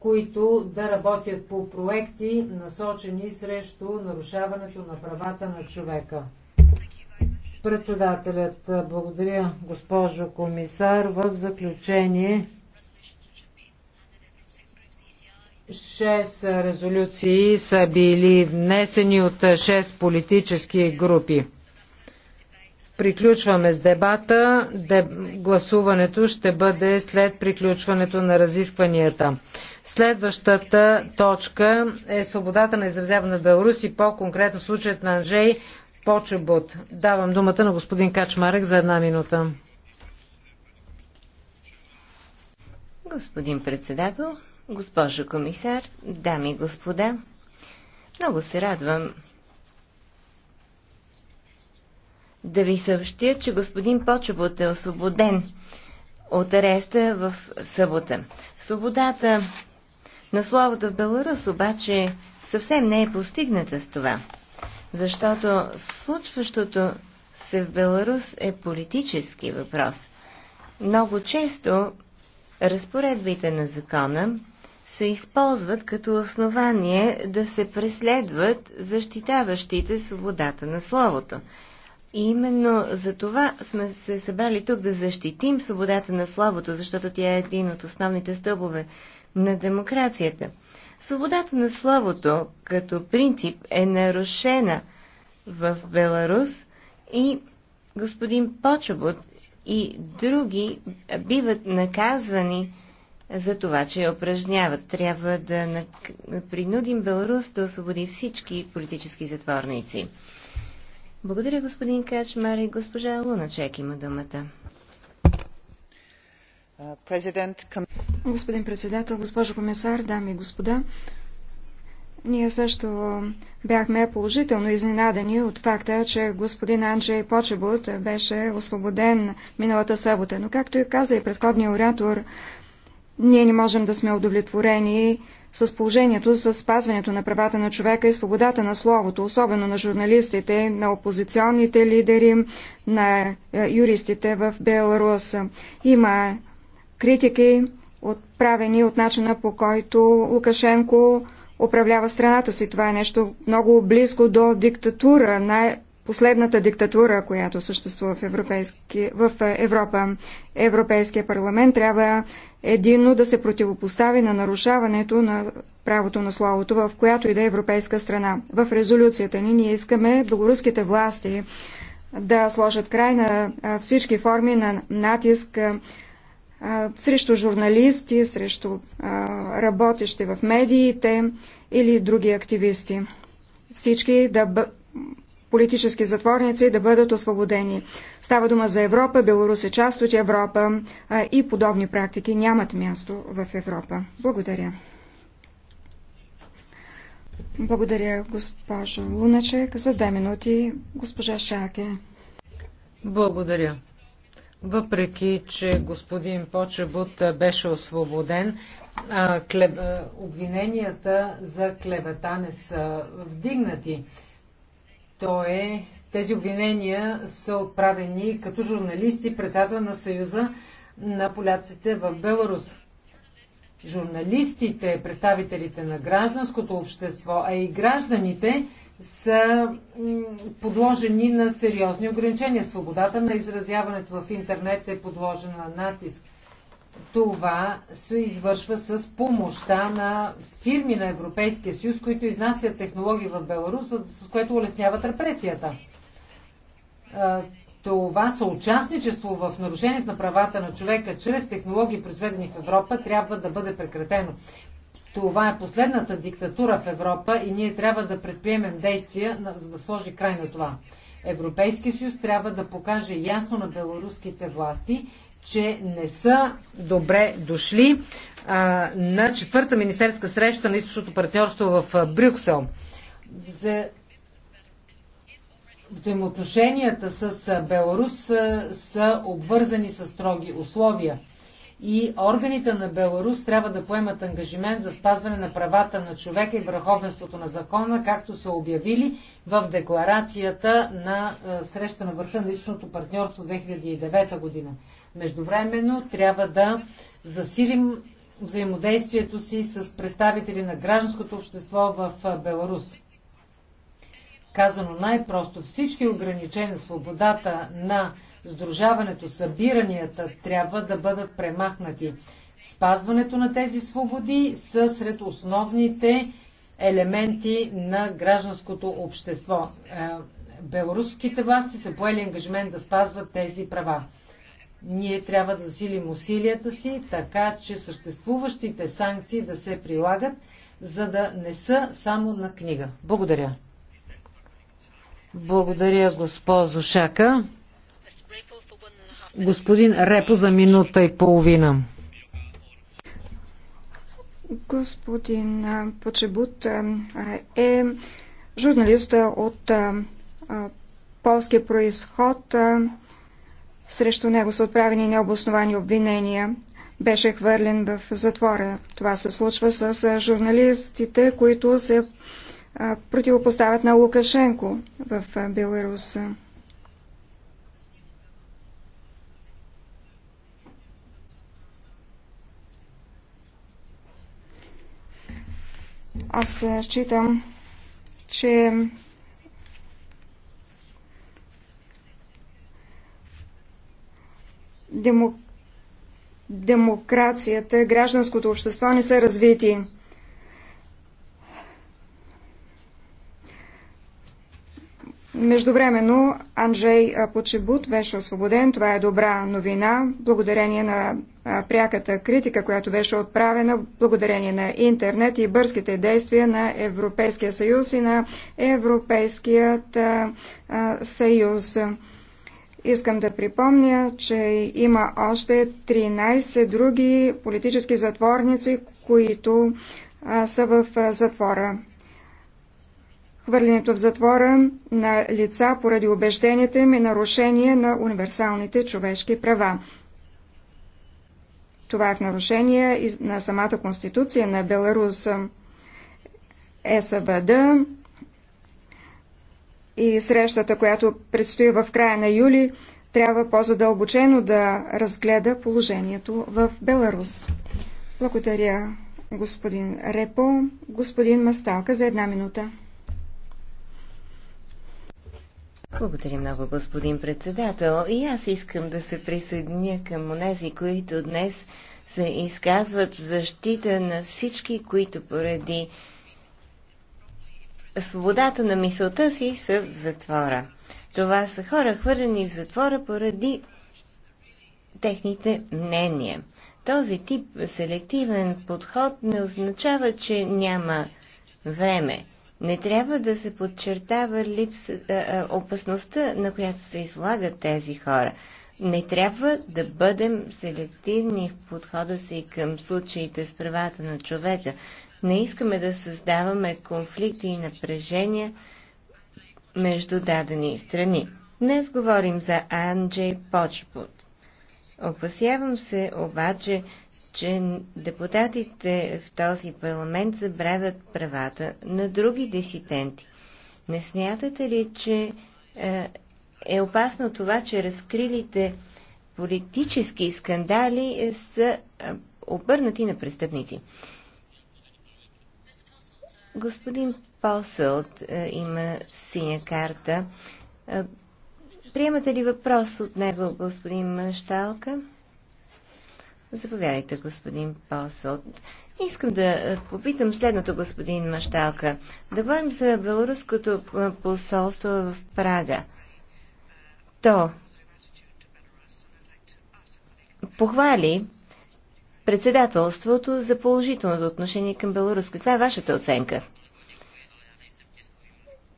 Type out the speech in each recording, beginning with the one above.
които да работят по проекти, насочени срещу нарушаването на правата на човека. Председателят, благодаря, госпожо комисар. В заключение, шест резолюции са били внесени от шест политически групи. Приключваме с дебата. Гласуването ще бъде след приключването на разискванията. Следващата точка е свободата на изразяване в Беларус и по-конкретно случаят на Анжей Почебот. Давам думата на господин Качмарек за една минута. Господин председател, госпожо комисар, дами и господа, много се радвам, да ви съобщя, че господин Почобот е освободен от ареста в събота. Свободата на словото в Беларус обаче съвсем не е постигната с това, защото случващото се в Беларус е политически въпрос. Много често разпоредбите на закона се използват като основание да се преследват защитаващите свободата на словото. И именно за това сме се събрали тук да защитим свободата на словото, защото тя е един от основните стълбове на демокрацията. Свободата на словото като принцип е нарушена в Беларус и господин Почобот и други биват наказвани за това, че я упражняват. Трябва да принудим Беларус да освободи всички политически затворници. Благодаря, господин Качмар и госпожа Луначек има думата. Господин председател, госпожо комисар, дами и господа, ние също бяхме положително изненадани от факта, че господин Анджей Почебут беше освободен миналата събота. Но както и каза и предходния оратор, ние не можем да сме удовлетворени с положението, с спазването на правата на човека и свободата на словото, особено на журналистите, на опозиционните лидери, на е, юристите в Беларус. Има критики, отправени от начина по който Лукашенко управлява страната си. Това е нещо много близко до диктатура, най- последната диктатура, която съществува в, европейски, в Европа. Европейския парламент трябва единно да се противопостави на нарушаването на правото на словото в която и да е европейска страна. В резолюцията ни ние искаме белоруските власти да сложат край на всички форми на натиск срещу журналисти, срещу работещи в медиите или други активисти. Всички да политически затворници да бъдат освободени. Става дума за Европа, Беларус е част от Европа и подобни практики нямат място в Европа. Благодаря. Благодаря, госпожо Луначек. За две минути госпожа Шаке. Благодаря. Въпреки, че господин Почебут беше освободен, обвиненията за клевета не са вдигнати. То е, тези обвинения са отправени като журналисти, председател на Съюза на поляците в Беларус. Журналистите, представителите на гражданското общество, а и гражданите са подложени на сериозни ограничения. Свободата на изразяването в интернет е подложена на натиск това се извършва с помощта на фирми на Европейския съюз, които изнасят технологии в Беларус, с което улесняват репресията. Това съучастничество в нарушението на правата на човека чрез технологии, произведени в Европа, трябва да бъде прекратено. Това е последната диктатура в Европа и ние трябва да предприемем действия, за да сложи край на това. Европейския съюз трябва да покаже ясно на беларуските власти, че не са добре дошли а, на четвърта министерска среща на източното партньорство в Брюксел. За взаимоотношенията с Беларус са обвързани с строги условия и органите на Беларус трябва да поемат ангажимент за спазване на правата на човека и върховенството на закона, както са обявили в декларацията на среща на върха на източното партньорство 2009 година. Междувременно трябва да засилим взаимодействието си с представители на гражданското общество в Беларус. Казано най-просто, всички ограничения свободата на сдружаването, събиранията трябва да бъдат премахнати. Спазването на тези свободи са сред основните елементи на гражданското общество. Е, беларуските власти са поели ангажимент да спазват тези права. Ние трябва да засилим усилията си, така че съществуващите санкции да се прилагат, за да не са само на книга. Благодаря. Благодаря, госпожо Шака. Господин Репо за минута и половина. Господин Почебут е журналист от полския происход. Срещу него са отправени необосновани обвинения. Беше хвърлен в затвора. Това се случва с журналистите, които се противопоставят на Лукашенко в Беларус. Аз считам, че демо... демокрацията, гражданското общество не са развити. Междувременно Анджей Почебут беше освободен. Това е добра новина, благодарение на пряката критика, която беше отправена, благодарение на интернет и бързките действия на Европейския съюз и на Европейският съюз. Искам да припомня, че има още 13 други политически затворници, които а, са в затвора. Хвърлянето в затвора на лица поради убежденията им е нарушение на универсалните човешки права. Това е в нарушение на самата конституция на Беларус. Е, СВД и срещата, която предстои в края на юли, трябва по-задълбочено да разгледа положението в Беларус. Благодаря, господин Репо. Господин Масталка, за една минута. Благодаря много, господин председател. И аз искам да се присъединя към онези, които днес се изказват в защита на всички, които поради свободата на мисълта си са в затвора. Това са хора хвърлени в затвора поради техните мнения. Този тип селективен подход не означава, че няма време. Не трябва да се подчертава липс, а, а, опасността, на която се излагат тези хора. Не трябва да бъдем селективни в подхода си към случаите с правата на човека. Не искаме да създаваме конфликти и напрежения между дадени страни. Днес говорим за Анджей Почбут. Опасявам се обаче, че депутатите в този парламент забравят правата на други дисиденти. Не смятате ли, че е, е опасно това, че разкрилите политически скандали е, са е, обърнати на престъпници? Господин Посълт е, има синя карта. Е, приемате ли въпрос от него, господин Мащалка? Заповядайте, господин Посълт. Искам да е, попитам следното, господин Мащалка Да говорим за Белоруското посолство в Прага. То похвали председателството за положителното отношение към Беларус. Каква е вашата оценка?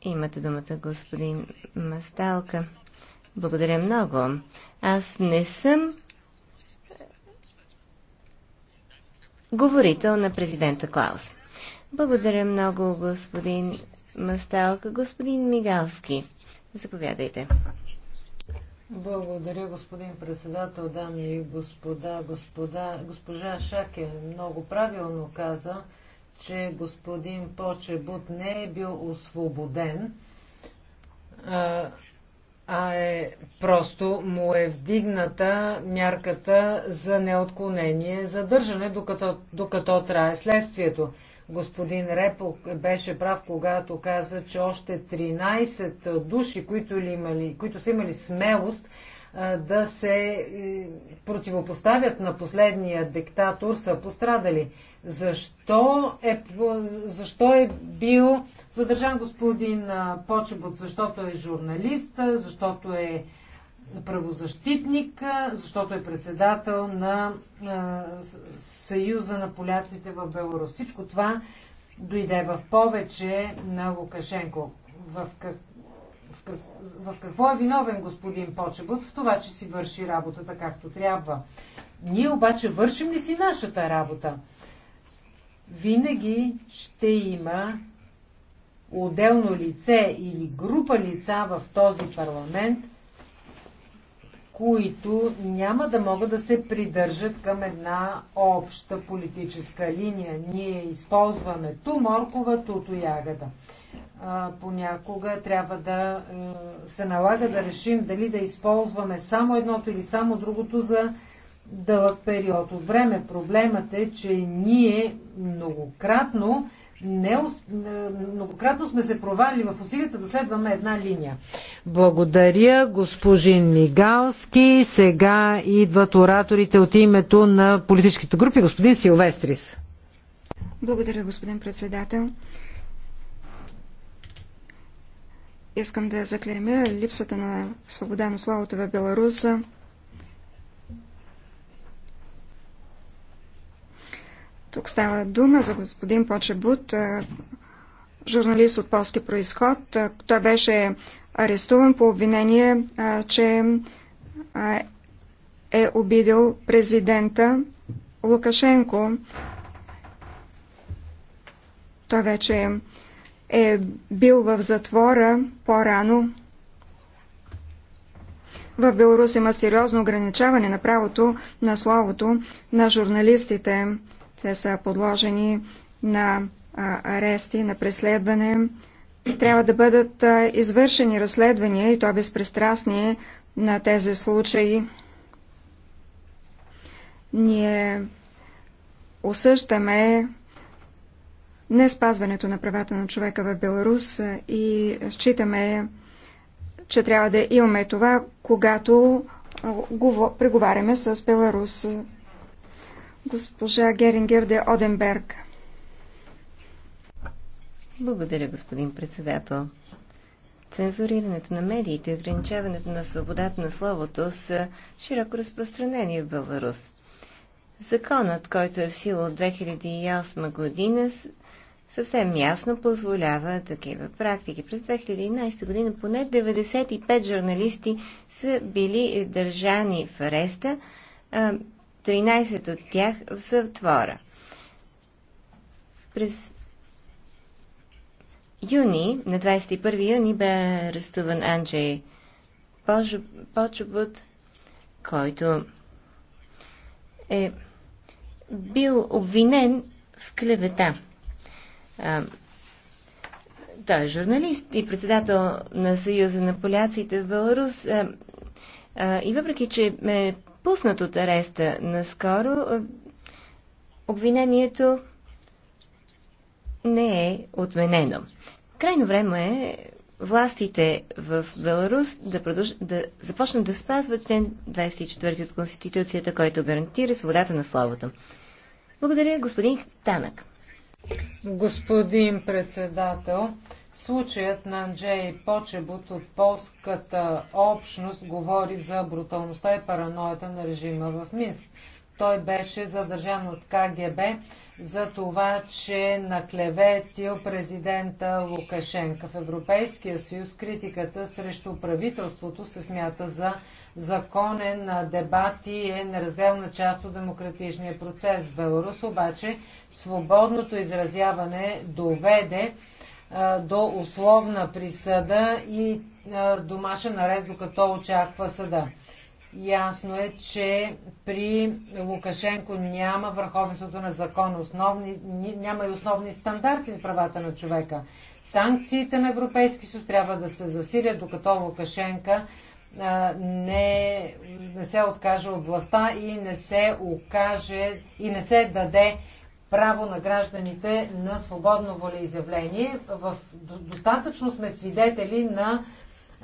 Имате думата, господин Масталка. Благодаря много. Аз не съм говорител на президента Клаус. Благодаря много, господин Масталка. Господин Мигалски, заповядайте. Благодаря, господин председател, дами и господа, господа. Госпожа Шаке много правилно каза, че господин Почебут не е бил освободен, а, а е просто му е вдигната мярката за неотклонение задържане, докато, докато трае следствието. Господин Репо беше прав, когато каза, че още 13 души, които, ли имали, които са имали смелост да се е, противопоставят на последния диктатор, са пострадали. Защо е, защо е бил задържан господин Почебот? Защото е журналист, защото е правозащитник, защото е председател на Съюза на поляците в Беларус. Всичко това дойде в повече на Лукашенко. В, как, в, как, в какво е виновен господин Почебът? В това, че си върши работата както трябва. Ние обаче вършим ли си нашата работа? Винаги ще има отделно лице или група лица в този парламент, които няма да могат да се придържат към една обща политическа линия. Ние използваме ту моркова, туто ягода. понякога трябва да е, се налага да решим дали да използваме само едното или само другото за дълъг период от време. Проблемът е, че ние многократно не, многократно сме се провалили в усилията да следваме една линия. Благодаря, господин Мигалски. Сега идват ораторите от името на политическите групи. Господин Силвестрис. Благодаря, господин председател. Искам да заклеймя липсата на свобода на словото в Беларуса. става дума за господин Почебут, журналист от полски происход. Той беше арестуван по обвинение, че е обидил президента Лукашенко. Той вече е бил в затвора по-рано. В Беларус има сериозно ограничаване на правото на словото на журналистите. Те са подложени на арести, на преследване. Трябва да бъдат извършени разследвания и то безпристрастни на тези случаи. Ние осъщаме не спазването на правата на човека в Беларус и считаме, че трябва да имаме това, когато преговаряме с Беларус госпожа Герингер де Оденберг. Благодаря, господин председател. Цензурирането на медиите и ограничаването на свободата на словото са широко разпространени в Беларус. Законът, който е в сила от 2008 година, съвсем ясно позволява такива практики. През 2011 година поне 95 журналисти са били държани в ареста 13 от тях в затвора. През юни, на 21 юни, бе арестуван Анджей Почобут, който е бил обвинен в клевета. той е журналист и председател на Съюза на поляците в Беларус. и въпреки, че е пуснат от ареста наскоро. Е, обвинението не е отменено. Крайно време е властите в Беларус да, продълж... да започнат да спазват член 24 от Конституцията, който гарантира свободата на словото. Благодаря, господин Танък. Господин председател, Случаят на Анджей Почебут от полската общност говори за бруталността и параноята на режима в Минск. Той беше задържан от КГБ за това, че наклеветил президента Лукашенко. В Европейския съюз критиката срещу правителството се смята за законен дебат и е неразделна част от демократичния процес. В Беларус обаче свободното изразяване доведе до условна присъда и домашен арест, докато очаква съда. Ясно е, че при Лукашенко няма върховенството на закон, основни, няма и основни стандарти за правата на човека. Санкциите на Европейски съюз трябва да се засилят, докато Лукашенко не, не се откаже от властта и не се окаже и не се даде право на гражданите на свободно волеизявление. В, достатъчно сме свидетели на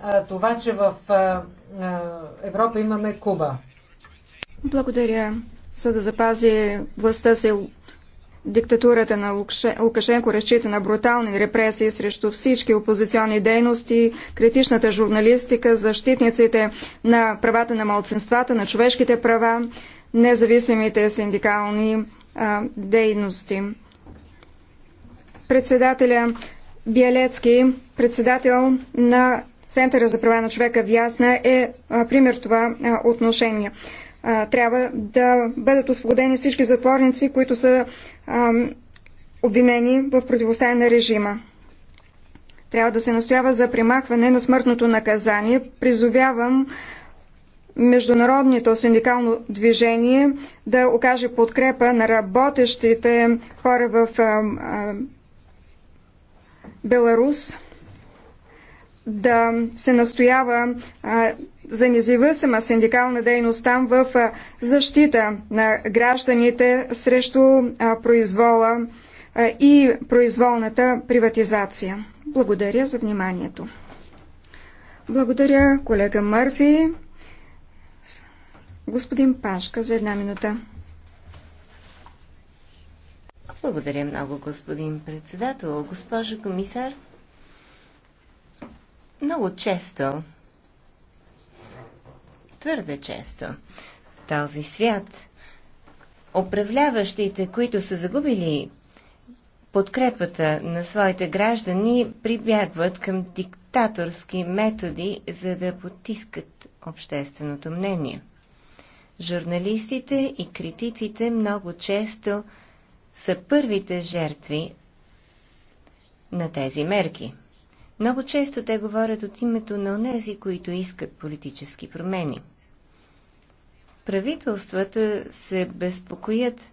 а, това, че в а, Европа имаме Куба. Благодаря. За да запази властта си диктатурата на Лукашенко разчита на брутални репресии срещу всички опозиционни дейности, критичната журналистика, защитниците на правата на малцинствата, на човешките права, независимите синдикални дейности. Председателя Биелецки, председател на Центъра за права на човека в Ясна е пример в това отношение. Трябва да бъдат освободени всички затворници, които са обвинени в противостояние на режима. Трябва да се настоява за примахване на смъртното наказание. Призовявам международното синдикално движение да окаже подкрепа на работещите хора в а, а, Беларус, да се настоява а, за независима синдикална дейност там в а, защита на гражданите срещу а, произвола а, и произволната приватизация. Благодаря за вниманието. Благодаря, колега Мърфи. Господин Пашка, за една минута. Благодаря много, господин председател. Госпожо комисар, много често, твърде често, в този свят, управляващите, които са загубили подкрепата на своите граждани, прибягват към диктаторски методи, за да потискат общественото мнение – Журналистите и критиците много често са първите жертви на тези мерки. Много често те говорят от името на онези, които искат политически промени. Правителствата се безпокоят,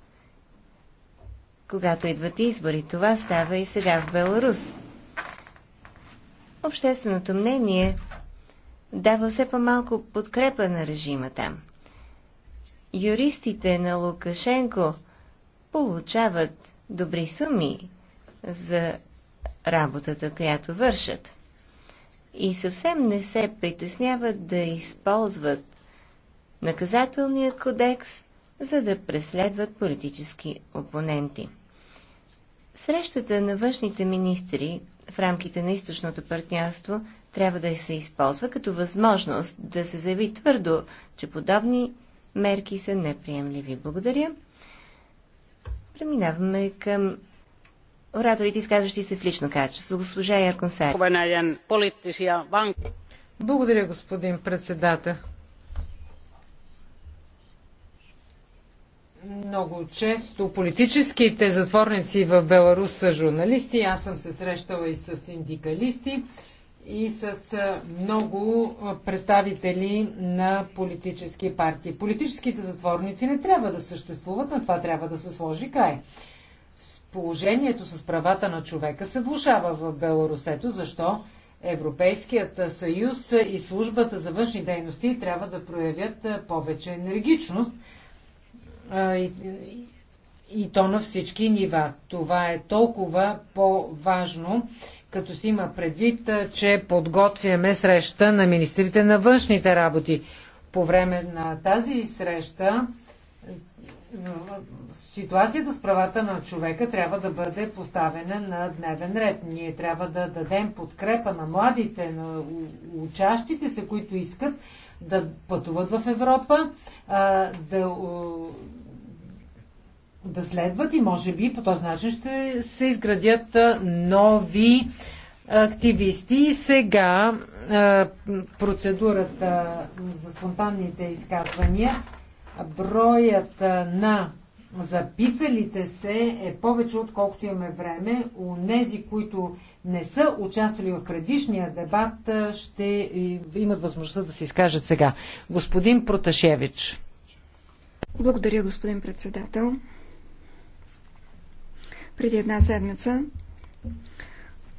когато идват избори. Това става и сега в Беларус. Общественото мнение дава все по-малко подкрепа на режима там – юристите на Лукашенко получават добри суми за работата, която вършат. И съвсем не се притесняват да използват наказателния кодекс, за да преследват политически опоненти. Срещата на външните министри в рамките на източното партньорство трябва да се използва като възможност да се заяви твърдо, че подобни мерки са неприемливи. Благодаря. Преминаваме към ораторите, изказващи се в лично качество. Госпожа Ярконсар. Благодаря, господин председател. Много често политическите затворници в Беларус са журналисти. Аз съм се срещала и с синдикалисти и с много представители на политически партии. Политическите затворници не трябва да съществуват, на това трябва да се сложи край. Положението с правата на човека се влушава в Белорусето. Защо? Европейският съюз и службата за външни дейности трябва да проявят повече енергичност и то на всички нива. Това е толкова по-важно като си има предвид, че подготвяме среща на министрите на външните работи. По време на тази среща ситуацията с правата на човека трябва да бъде поставена на дневен ред. Ние трябва да дадем подкрепа на младите, на учащите се, които искат да пътуват в Европа, да да следват и може би по този начин ще се изградят нови активисти. И сега процедурата за спонтанните изказвания, броят на записалите се е повече отколкото имаме време. У нези, които не са участвали в предишния дебат, ще имат възможността да се изкажат сега. Господин Проташевич. Благодаря, господин председател преди една седмица,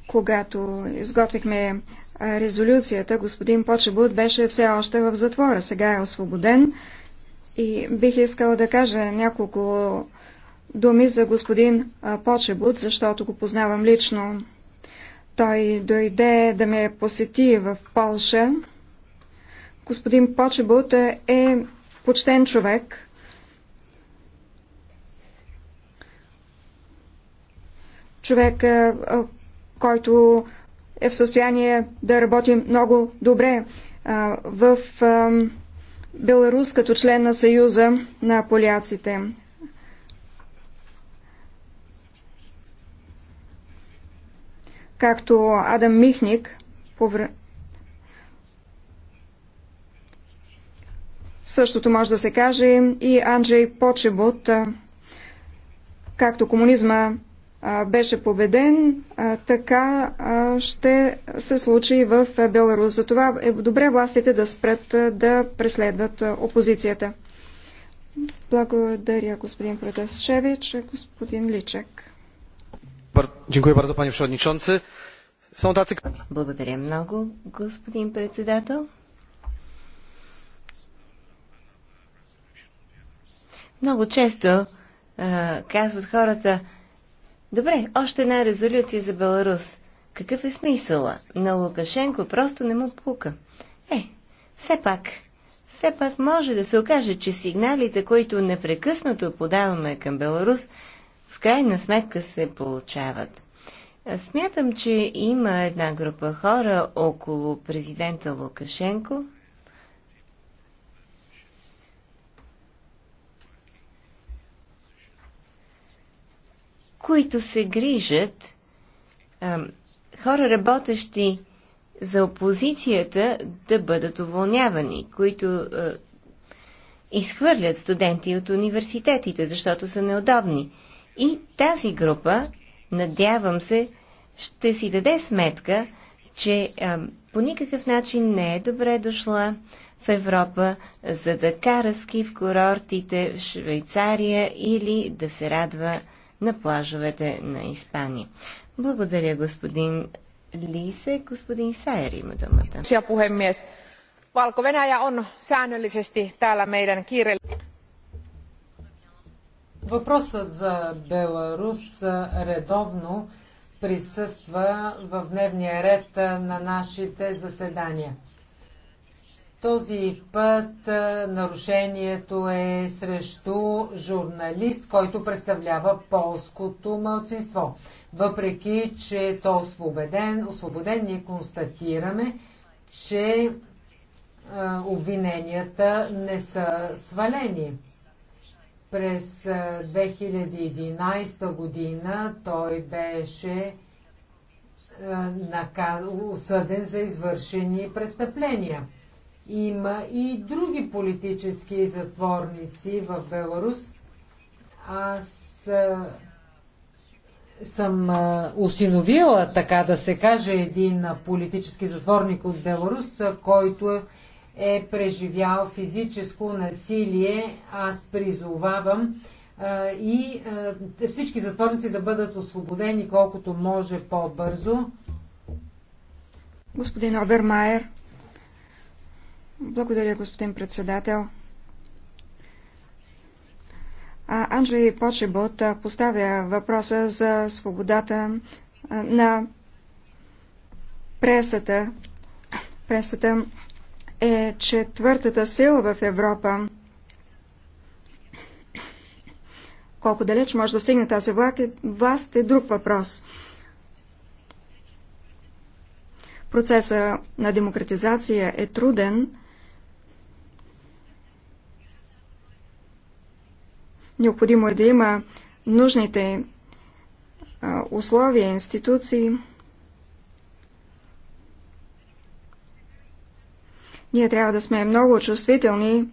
когато изготвихме резолюцията, господин Почебут беше все още в затвора. Сега е освободен и бих искала да кажа няколко думи за господин Почебут, защото го познавам лично. Той дойде да ме посети в Полша. Господин Почебут е, е почтен човек, човек, който е в състояние да работи много добре в Беларус като член на Съюза на поляците. Както Адам Михник повр... Същото може да се каже и Анджей Почебот, както комунизма беше победен, така ще се случи и в Беларус. Затова е добре властите да спрат да преследват опозицията. Благодаря, господин Протасевич. Господин Личек. Благодаря много, господин председател. Много често казват хората, Добре, още една резолюция за Беларус. Какъв е смисъла? На Лукашенко просто не му пука. Е, все пак, все пак може да се окаже, че сигналите, които непрекъснато подаваме към Беларус, в крайна сметка се получават. Смятам, че има една група хора около президента Лукашенко, които се грижат а, хора, работещи за опозицията, да бъдат уволнявани, които а, изхвърлят студенти от университетите, защото са неудобни. И тази група, надявам се, ще си даде сметка, че а, по никакъв начин не е добре дошла в Европа, за да кара ски в курортите в Швейцария или да се радва на плажовете на Испания. Благодаря, господин Лисе. Господин Сайер има думата. Valko-Venäjä on säännöllisesti täällä meidän kiireellä. Въпросът за Беларус редовно присъства в дневния ред на нашите заседания. Този път нарушението е срещу журналист, който представлява полското мълцинство. Въпреки, че то освободен, освободен ние констатираме, че обвиненията не са свалени. През 2011 година той беше осъден за извършени престъпления. Има и други политически затворници в Беларус. Аз а, съм а, усиновила, така да се каже, един политически затворник от Беларус, а, който е преживял физическо насилие. Аз призовавам и всички затворници да бъдат освободени колкото може по-бързо. Господин Обермайер, благодаря, господин председател. Анджели Почебот поставя въпроса за свободата на пресата. Пресата е четвъртата сила в Европа. Колко далеч може да стигне тази власт е друг въпрос. Процесът на демократизация е труден, Необходимо е да има нужните условия, институции. Ние трябва да сме много чувствителни,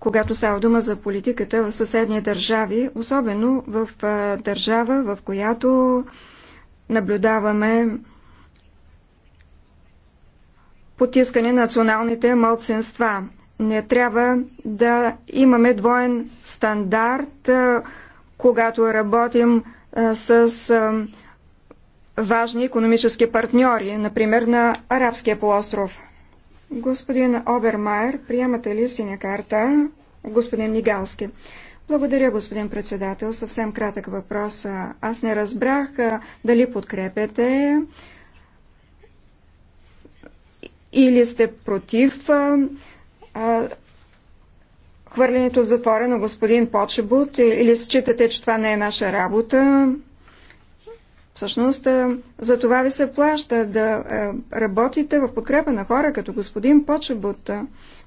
когато става дума за политиката в съседни държави, особено в държава, в която наблюдаваме потискане на националните мълценства не трябва да имаме двоен стандарт, когато работим с важни економически партньори, например на Арабския полуостров. Господин Обермайер, приемате ли синя карта? Господин Мигалски. Благодаря, господин председател. Съвсем кратък въпрос. Аз не разбрах дали подкрепяте или сте против хвърлянето в затвора на господин Почебут или считате, че това не е наша работа. Всъщност, за това ви се плаща да работите в подкрепа на хора като господин Почебут.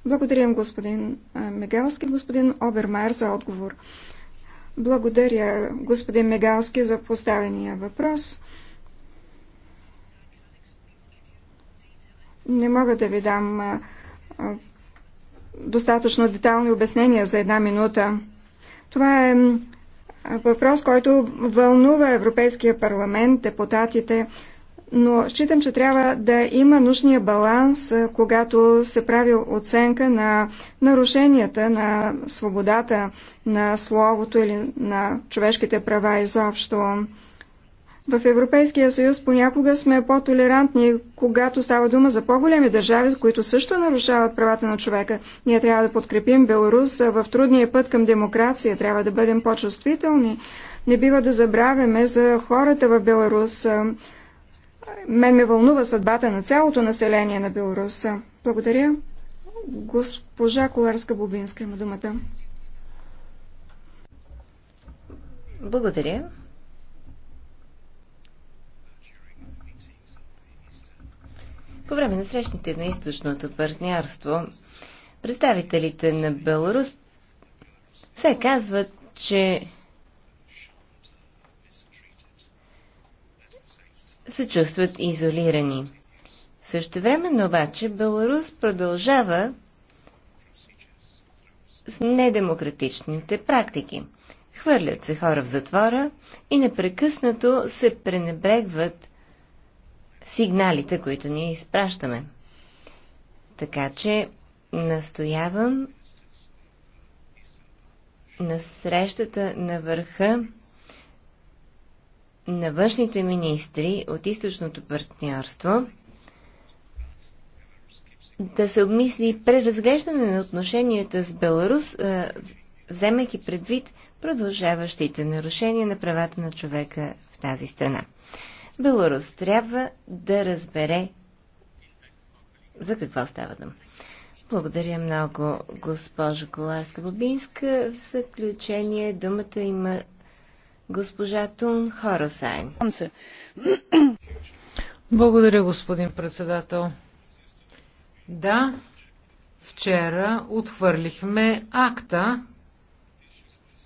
Благодарим господин Мегалски, господин Обермайер за отговор. Благодаря господин Мегалски за поставения въпрос. Не мога да ви дам достатъчно детални обяснения за една минута. Това е въпрос, който вълнува Европейския парламент, депутатите, но считам, че трябва да има нужния баланс, когато се прави оценка на нарушенията на свободата на словото или на човешките права изобщо. В Европейския съюз понякога сме по-толерантни, когато става дума за по-големи държави, които също нарушават правата на човека. Ние трябва да подкрепим Беларус в трудния път към демокрация, трябва да бъдем по-чувствителни. Не бива да забравяме за хората в Беларус. Мен ме вълнува съдбата на цялото население на Беларус. Благодаря. Госпожа Коларска-Бубинска има думата. Благодаря. По време на срещните на източното партньорство, представителите на Беларус все казват, че се чувстват изолирани. Също времено обаче Беларус продължава с недемократичните практики. Хвърлят се хора в затвора и непрекъснато се пренебрегват сигналите, които ние изпращаме. Така че настоявам на срещата на върха на външните министри от източното партньорство да се обмисли преразглеждане на отношенията с Беларус, вземайки предвид продължаващите нарушения на правата на човека в тази страна. Беларус трябва да разбере за какво става дума. Благодаря много, госпожа Коларска-Бобинска. В заключение думата има госпожа Тун Хоросайн. Благодаря, господин председател. Да, вчера отхвърлихме акта,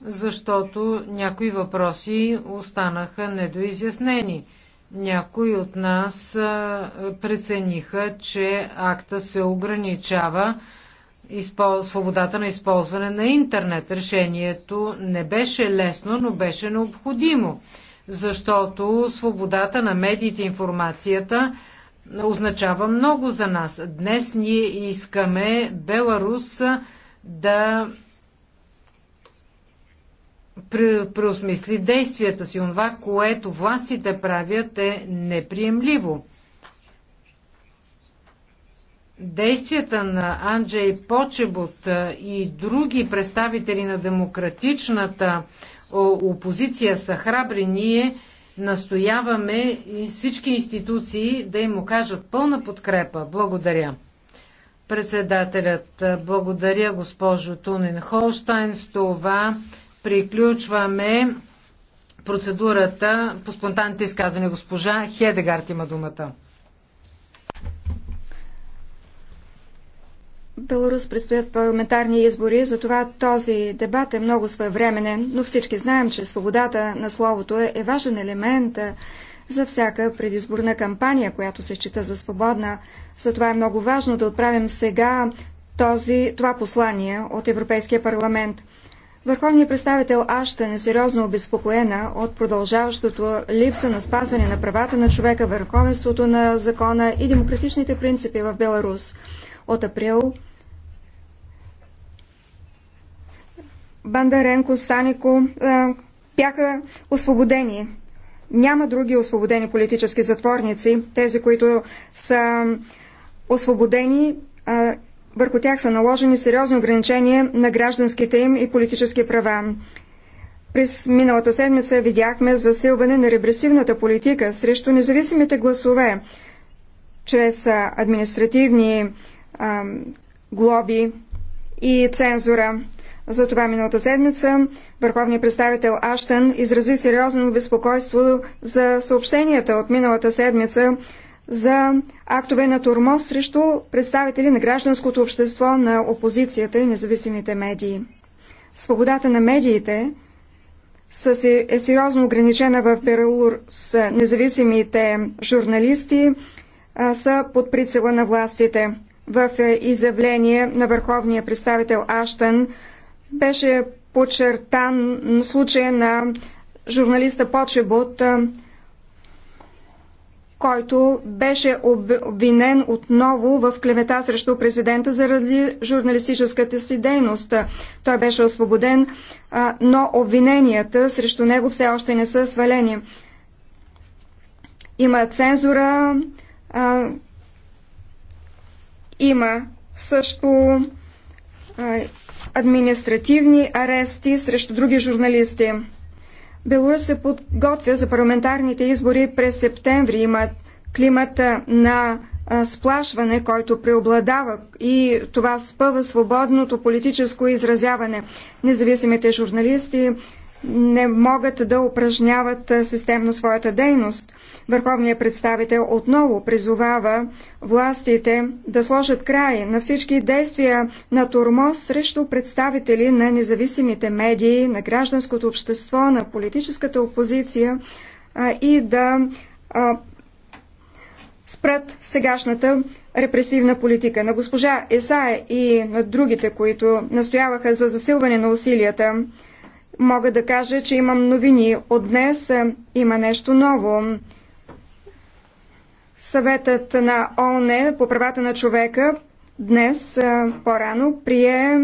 защото някои въпроси останаха недоизяснени. Някои от нас прецениха, че акта се ограничава свободата на използване на интернет. Решението не беше лесно, но беше необходимо, защото свободата на медиите и информацията означава много за нас. Днес ние искаме Беларус да преосмисли действията си. Онова, което властите правят е неприемливо. Действията на Анджей Почебот и други представители на демократичната опозиция са храбри. Ние настояваме и всички институции да им окажат пълна подкрепа. Благодаря. Председателят, благодаря госпожо Тунен Холштайн с това. Приключваме процедурата по спонтанните изказвания. Госпожа Хедегард има думата. Беларус предстоят парламентарни избори, затова този дебат е много своевременен, но всички знаем, че свободата на словото е, е важен елемент за всяка предизборна кампания, която се счита за свободна. Затова е много важно да отправим сега този, това послание от Европейския парламент – Върховният представител Ашта е сериозно обезпокоена от продължаващото липса на спазване на правата на човека, върховенството на закона и демократичните принципи в Беларус. От април Бандаренко, Санико бяха освободени. Няма други освободени политически затворници. Тези, които са освободени, върху тях са наложени сериозни ограничения на гражданските им и политически права. През миналата седмица видяхме засилване на репресивната политика срещу независимите гласове, чрез административни а, глоби и цензура. За това миналата седмица върховният представител Аштън изрази сериозно безпокойство за съобщенията от миналата седмица за актове на тормоз срещу представители на гражданското общество, на опозицията и независимите медии. Свободата на медиите е сериозно ограничена в с Независимите журналисти са под прицела на властите. В е, изявление на върховния представител Аштън беше подчертан случая на журналиста Почебот, който беше обвинен отново в клевета срещу президента заради журналистическата си дейност. Той беше освободен, но обвиненията срещу него все още не са свалени. Има цензура, има също административни арести срещу други журналисти. Белорус се подготвя за парламентарните избори през септември. Има климата на сплашване, който преобладава и това спъва свободното политическо изразяване. Независимите журналисти не могат да упражняват системно своята дейност. Върховният представител отново призовава властите да сложат край на всички действия на турмоз срещу представители на независимите медии, на гражданското общество, на политическата опозиция и да спрат сегашната репресивна политика. На госпожа Есае и на другите, които настояваха за засилване на усилията, мога да кажа, че имам новини. От днес има нещо ново. Съветът на ООН по правата на човека днес по-рано прие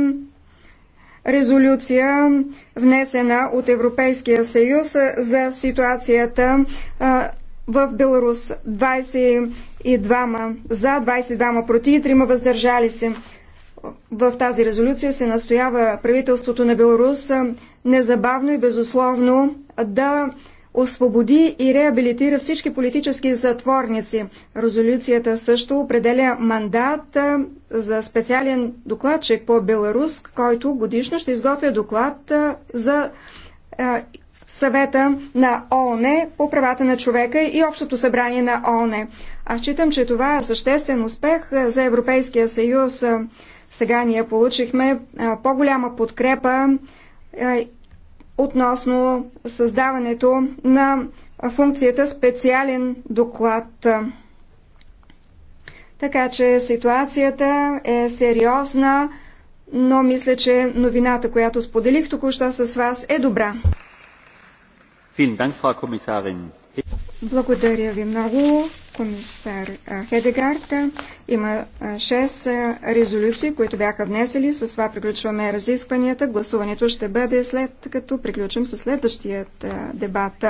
резолюция, внесена от Европейския съюз за ситуацията в Беларус. 22 за, 22 против, 3 въздържали се. В тази резолюция се настоява правителството на Беларус незабавно и безусловно да освободи и реабилитира всички политически затворници. Резолюцията също определя мандат за специален докладчик по Беларус, който годишно ще изготвя доклад за съвета на ООН по правата на човека и Общото събрание на ООН. Аз считам, че това е съществен успех за Европейския съюз. Сега ние получихме по-голяма подкрепа относно създаването на функцията специален доклад. Така че ситуацията е сериозна, но мисля, че новината, която споделих току-що с вас, е добра. Dank, Frau Kommissarin. Благодаря ви много, комисар Хедегард. Има 6 резолюции, които бяха внесели. С това приключваме разискванията. Гласуването ще бъде след като приключим с следващият дебат.